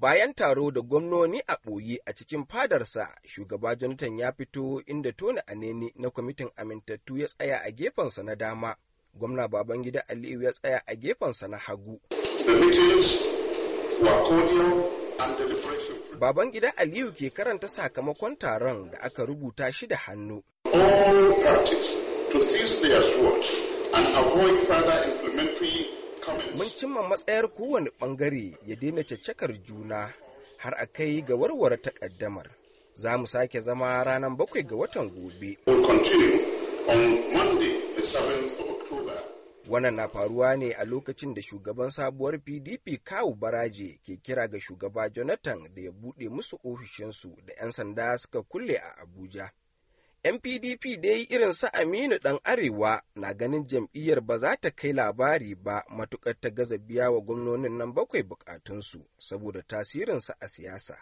Bayan taro da gwamnoni a ɓoye a cikin fadarsa, shugaba Jonathan ya fito inda Tony Aneni na kwamitin amintattu ya tsaya a gefensa na dama, gwamna Babangida Aliyu ya tsaya a gefensa na hagu. Babangida Aliyu ke karanta sakamakon taron da aka rubuta shi da hannu. All parties to seize their swords and avoid further inflammatory mun cimma matsayar kowane bangare ya daina caccakar juna har a kai ga warware takaddamar za mu sake zama ranar bakwai ga watan gobe wannan na faruwa ne a lokacin da shugaban sabuwar pdp kawu baraje ke kira ga shugaba jonathan da ya buɗe musu ofishinsu da 'yan sanda suka kulle a abuja mpdp PDP dai irin su Aminu ɗan Arewa na ganin jam'iyyar ba za ta kai labari ba matuƙar ta gaza biya wa gwamnonin nan bakwai bukatunsu saboda tasirinsa a siyasa.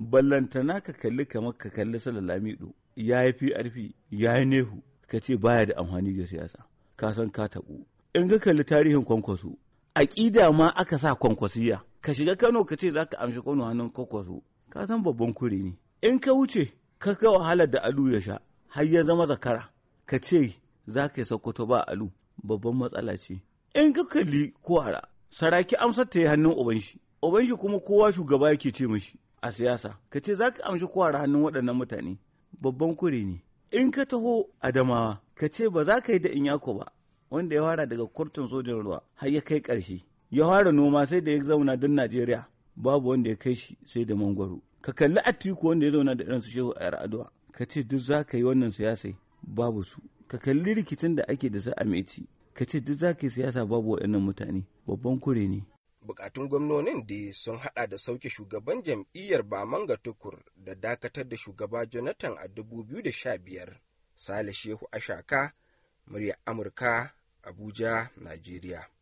Ballantana ka kalli kamar ka kalli Salalamido ya yi PRP ya yi Nehu ka ce baya da amfani ga siyasa ka san ka taɓu. In ka kalli tarihin kwankwaso aƙida ma aka sa kwankwasiya ka shiga Kano ka ce za ka amshi Kano hannun kwankwaso ka san babban kuri ne. In ka wuce ka ga wahalar da Alu ya sha har ya zama zakara ka ce za ka yi sakkwato ba alu babban matsala ce in ka kalli kowara saraki amsar ta yi hannun ubanshi ubanshi kuma kowa shugaba yake ce mashi a siyasa ka ce za ka amshi kowara hannun waɗannan mutane babban kure ne in ka taho adamawa ka ce ba za ka yi da inyako ba wanda ya fara daga kurtun sojan ruwa har ya kai ƙarshe ya fara noma sai da ya zauna don najeriya babu wanda ya kai shi sai da mangwaro ka kalli atiku wanda ya zauna da irinsu shehu a yar'adua ka ce duk za ka yi wannan siyasai babu su ka kalli rikicin da ake da su a meci ka ce duk za ka yi siyasa babu waɗannan mutane babban kure ne bukatun gwamnonin da sun hada da sauke shugaban jam'iyyar bamanga tukur da dakatar da shugaba jonathan a 2015 sale shehu ashaka murya amurka abuja najeriya